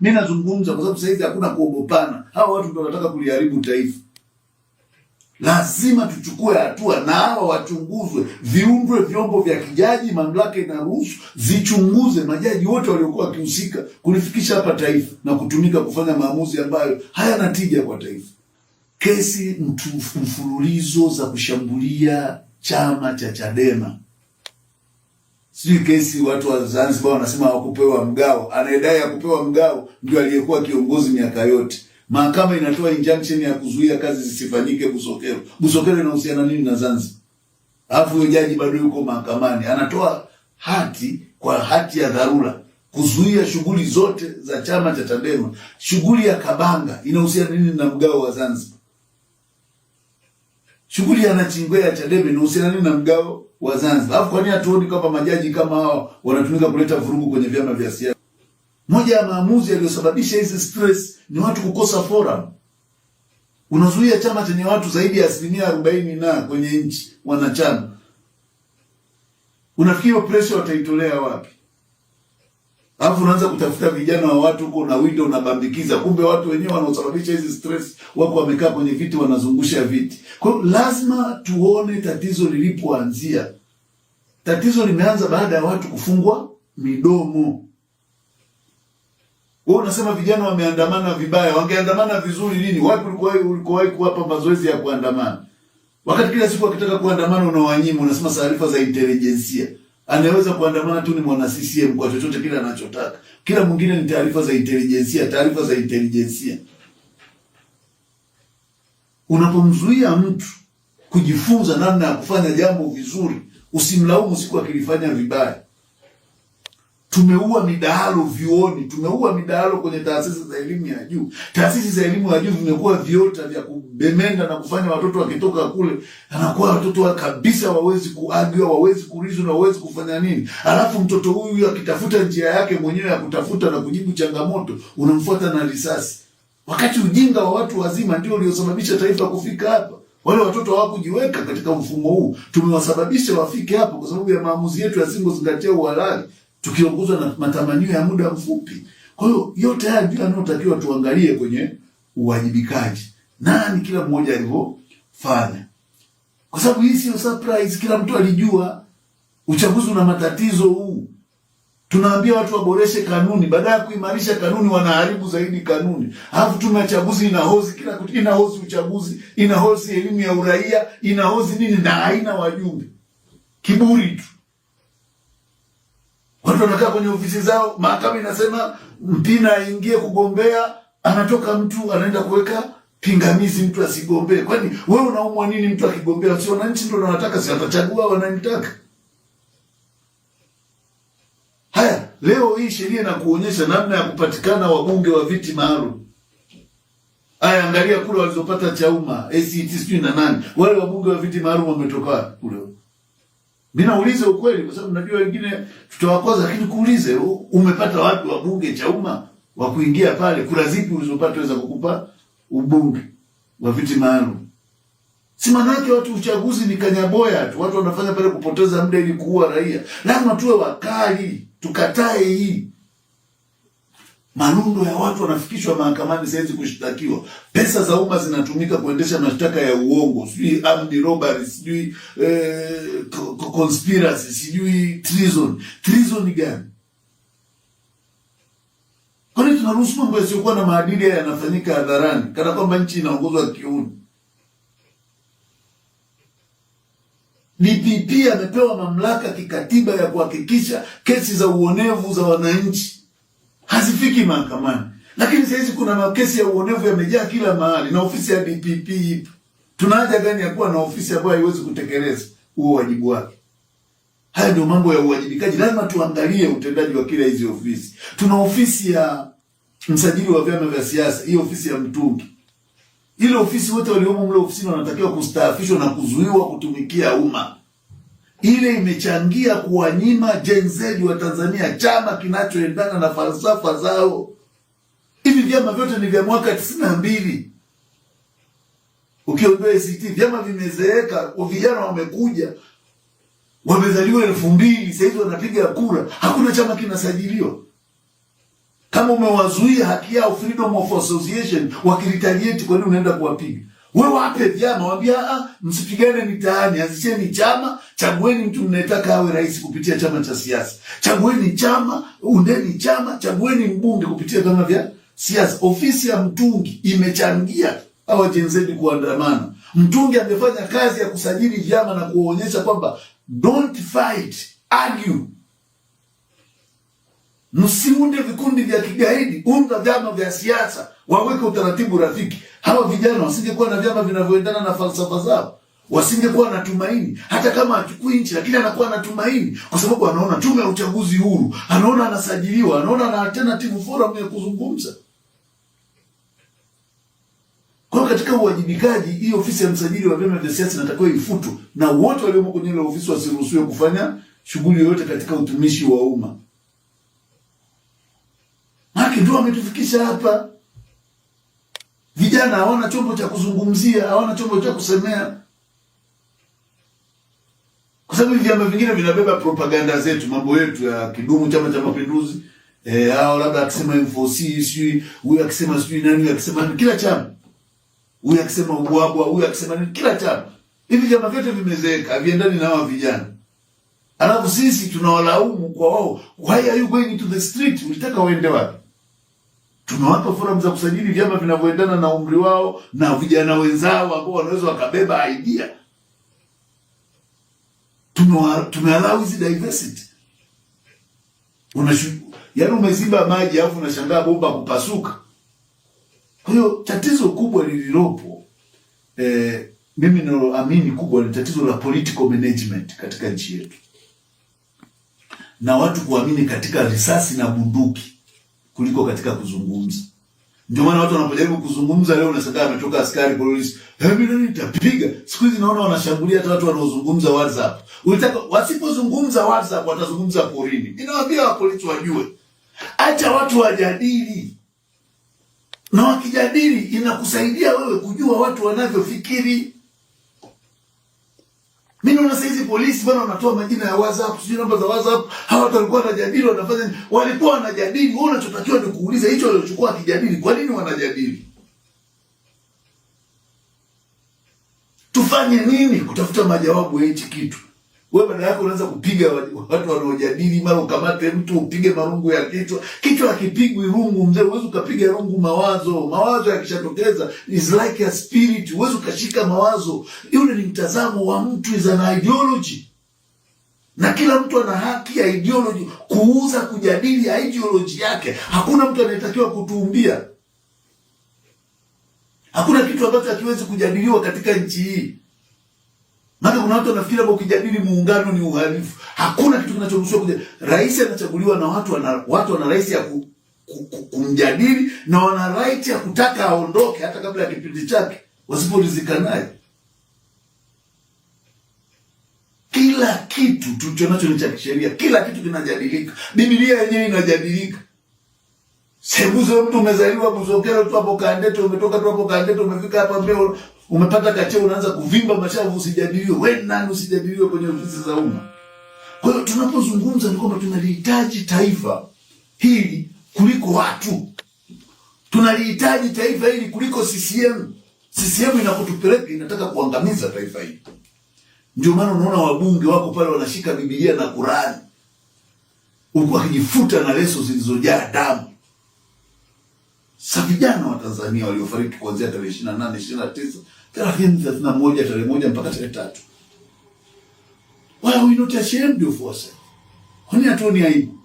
Mimi nazungumza kwa sababu sahizi hakuna kuogopana. Hawa watu ndio wanataka kuliharibu taifa. Lazima tuchukue hatua na hawa wachunguzwe, viundwe vyombo vya kijaji, mamlaka inaruhusu zichunguze majaji wote waliokuwa wakihusika kulifikisha hapa taifa na kutumika kufanya maamuzi ambayo hayana tija kwa taifa. Kesi mtu mfululizo za kushambulia chama cha Chadema Sijui kesi watu wa Zanzibar wanasema hawakupewa mgao. Anayedai kupewa mgao ndio aliyekuwa kiongozi miaka yote. Mahakama inatoa injunction ya kuzuia kazi zisifanyike Busokero. Busokero inahusiana nini na Zanzibar? Alafu jaji bado yuko mahakamani, anatoa hati kwa hati ya dharura kuzuia shughuli zote za chama cha Chadema. Shughuli ya Kabanga inahusiana nini na mgao wa Zanzibar? shughuli ya Nachingwea Chadema inahusiana na mgao wa Zanzibar? Alafu kwa nini hatuoni kwamba majaji kama hao wanatumika kuleta vurugu kwenye vyama vya siasa? Moja ya maamuzi yaliyosababisha hizi stress ni watu kukosa forum. Unazuia chama chenye watu zaidi ya asilimia arobaini na kwenye nchi wanachama, unafikiri pressure wataitolea wapi? Alafu unaanza kutafuta vijana wa watu huko na window unabambikiza, kumbe watu wenyewe wanaosababisha hizi stress wako wamekaa kwenye viti wanazungusha viti. Kwa hiyo lazima tuone tatizo lilipoanzia. Tatizo limeanza baada ya watu kufungwa midomo. Wewe unasema vijana wameandamana vibaya, wangeandamana vizuri nini? Wapi ulikowahi kuwapa mazoezi ya kuandamana? Wakati kila siku wakitaka kuandamana unawanyima, unasema taarifa za intelijensia anaweza kuandamana tu, ni mwana CCM kwa chochote kile anachotaka. Kila mwingine ni taarifa za intelijensia, taarifa za intelijensia. Unapomzuia mtu kujifunza namna ya kufanya jambo vizuri, usimlaumu siku akilifanya vibaya. Tumeua midahalo vyuoni, tumeua midahalo kwenye taasisi za elimu ya juu. Taasisi za elimu ya juu vimekuwa viota vya kubemenda na kufanya watoto wakitoka kule anakuwa watoto wa kabisa, wawezi kuagwa, wawezi kurizwa na wawezi kufanya nini. Alafu mtoto huyu akitafuta njia yake mwenyewe ya kutafuta na kujibu changamoto, unamfuata na risasi, wakati ujinga wa watu wazima ndio uliosababisha taifa kufika hapa. Wale watoto hawakujiweka katika mfumo huu, tumewasababisha wafike hapo kwa sababu ya maamuzi yetu yasingozingatia uhalali tukiongozwa na matamanio ya muda mfupi. Kwa hiyo yote haya ndio yanayotakiwa tuangalie kwenye uwajibikaji, nani kila mmoja alivyofanya, kwa sababu hii sio surprise. Kila mtu alijua uchaguzi una matatizo huu. Tunaambia watu waboreshe kanuni, baada ya kuimarisha kanuni wanaharibu zaidi kanuni. Alafu tume ya chaguzi inahozi kila kitu, inahozi uchaguzi, inahozi elimu ya uraia, inahozi nini, na haina wajumbe, kiburi tu. Watu wanakaa kwenye ofisi zao, mahakama inasema Mpina aingie kugombea, anatoka mtu anaenda kuweka pingamizi mtu asigombee. Kwani wewe unaumwa nini mtu akigombea? Si wananchi ndio wanataka, si atachagua wanamtaka. Haya, leo hii sheria inakuonyesha namna ya kupatikana wabunge wa viti maalum. Haya, angalia kule walizopata Chauma, ACT sijui na nani, wale wabunge wa viti maalum wametoka kule. Mimi nauliza ukweli kwa sababu najua wengine tutawakoza, lakini kuulize umepata wapi wabunge Chauma wa kuingia pale? Kura zipi ulizopata weza kukupa ubunge wa viti maalum? Si manake watu uchaguzi ni kanyaboya tu, watu wanafanya pale kupoteza muda ili kuua raia. Lazima tuwe wakali, tukatae hii. Marundo ya watu wanafikishwa mahakamani saizi kushtakiwa. Pesa za umma zinatumika kuendesha mashtaka ya uongo, sijui armed robbery, sijui eh, conspiracy, sijui treason. Treason gani? Kwani tunaruhusu mambo yasiyokuwa na maadili haya yanafanyika hadharani kana kwamba nchi inaongozwa kiuni? DPP amepewa mamlaka kikatiba ya kuhakikisha kesi za uonevu za wananchi hazifiki mahakamani. Lakini saa hizi kuna makesi ya uonevu yamejaa kila mahali, na ofisi ya DPP ipo. Tuna haja gani ya kuwa na ofisi ambayo haiwezi kutekeleza huo wajibu wake? Haya ndio mambo ya uwajibikaji. Lazima tuangalie utendaji wa kila hizi ofisi. Tuna ofisi ya msajili wa vyama vya siasa, hii ofisi ya mtungi ile ofisi wote waliomo mle ofisini wanatakiwa kustaafishwa na kuzuiwa kutumikia umma ile imechangia kuwanyima jenzeji wa Tanzania chama kinachoendana na falsafa zao. Hivi vyama vyote ni vya mwaka tisini na mbili ukiondoa ACT, vyama vimezeeka. Vijana wamekuja wamezaliwa elfu mbili sahizi wanapiga kura, hakuna chama kinasajiliwa. Kama umewazuia haki yao freedom of association, wakiritaliate, kwa nini unaenda kuwapiga? We wape vyama wambia ah, ah, msipigane mitaani, anzisheni chama, chagueni mtu mnayetaka awe rais kupitia chama cha siasa, chagueni chama, undeni chama, chagueni mbunge kupitia vyama vya siasa. Ofisi ya Mtungi imechangia hawa jenzeni kuandamana. Mtungi amefanya kazi ya kusajili vyama na kuwaonyesha kwamba don't fight, argue msiunde vikundi vya kigaidi, unda vyama vya siasa, waweke utaratibu rafiki. Hawa vijana wasingekuwa na vyama vinavyoendana na falsafa zao, wasingekuwa na tumaini. Hata kama achukui nchi, lakini anakuwa na tumaini kwa sababu anaona tume ya uchaguzi huru, anaona anasajiliwa, anaona ana alternative forum ya kuzungumza. Kwa katika uwajibikaji, hii ofisi ya msajili wa vyama vya siasa inatakiwa ifutwe na wote waliomo kwenye ile ofisi wasiruhusiwe kufanya shughuli yoyote katika utumishi wa umma ndio ametufikisha hapa. Vijana hawana chombo cha kuzungumzia, hawana chombo cha kusemea, kwa sababu vyama vingine vinabeba propaganda zetu, mambo yetu ya kidumu, Chama cha Mapinduzi eh, hao labda akisema M4C sijui huyu akisema sijui nani, akisema nani, kila chama huyu akisema ubwabwa, huyu akisema nini, kila chama. Hivi vyama vyote vimezeeka, haviendani na hawa vijana. Alafu sisi tunawalaumu kwa wao, why are you going to the street? Ulitaka uende wapi? Tumewapa forum za kusajili vyama vinavyoendana na umri wao na vijana wenzao ambao wanaweza wakabeba idea. Tumeallow hizi diversity. Unashu, yaani umeziba maji alafu unashangaa bomba kupasuka. Kwa hiyo tatizo kubwa lililopo eh, mimi naloamini kubwa ni tatizo la political management katika nchi yetu na watu kuamini katika risasi na bunduki kuliko katika kuzungumza. Ndio maana watu wanapojaribu kuzungumza leo unashangaa ametoka askari polisi. Hebu eh, nani nitapiga? Siku hizi naona wanashambulia hata watu wanaozungumza WhatsApp. Unataka wasipozungumza WhatsApp watazungumza porini. Ninawaambia wapolisi wajue. Acha watu wajadili. Na wakijadili inakusaidia wewe kujua watu wanavyofikiri. Mimi naona saizi polisi bwana wanatoa majina ya WhatsApp, sijui namba za WhatsApp. Hawa watu walikuwa wanajadili wanafanya Walikuwa wanajadili. Wewe unachotakiwa ni kuuliza hicho waliochukua kijadili. Kwa nini wanajadili? Tufanye nini kutafuta majawabu ya hichi kitu? wewe maana yako unaanza kupiga watu wanaojadili, mara ukamate mtu upige marungu ya kichwa. Kichwa hakipigwi rungu mzee, huwezi ukapiga rungu mawazo. Mawazo yakishatokeza is like a spirit, huwezi ukashika mawazo. Yule ni mtazamo wa mtu, is an ideology, na kila mtu ana haki ya ideology kuuza, kujadili ya ideology yake. Hakuna mtu anayetakiwa kutuumbia. Hakuna kitu ambacho hakiwezi kujadiliwa katika nchi hii. Maana kuna watu wanafikiri hapo ukijadili muungano ni uhalifu. Hakuna kitu kinachoruhusiwa kuja. Rais anachaguliwa na watu wana watu wana rais ya ku, ku, ku, kumjadili na wana right ya kutaka aondoke hata kabla ya kipindi chake wasiporidhika naye. Kila kitu tulicho ni cha kisheria. Kila kitu kinajadilika. Biblia yenyewe inajadilika. Sembuzo mtu umezaliwa Buzokero tu hapo Kandete, umetoka tu hapo Kandete, umefika hapa mbeo, umepata kacheo, unaanza kuvimba mashavu, usijadiliwe. Wewe nani usijadiliwe kwenye ofisi za umma? Kwa hiyo tunapozungumza ni kwamba tunalihitaji taifa hili kuliko watu, tunalihitaji taifa hili kuliko CCM. CCM inakutupeleka inataka kuangamiza taifa hili. Ndio maana unaona wabunge wako pale wanashika Biblia na Qurani, huku akijifuta na leso zilizojaa damu sasa vijana wa Tanzania waliofariki kuanzia tarehe 28, 29, 30, 31, tarehe moja mpaka tarehe tatu. Why are we not ashamed of ourselves? Kwani hatuoni aibu?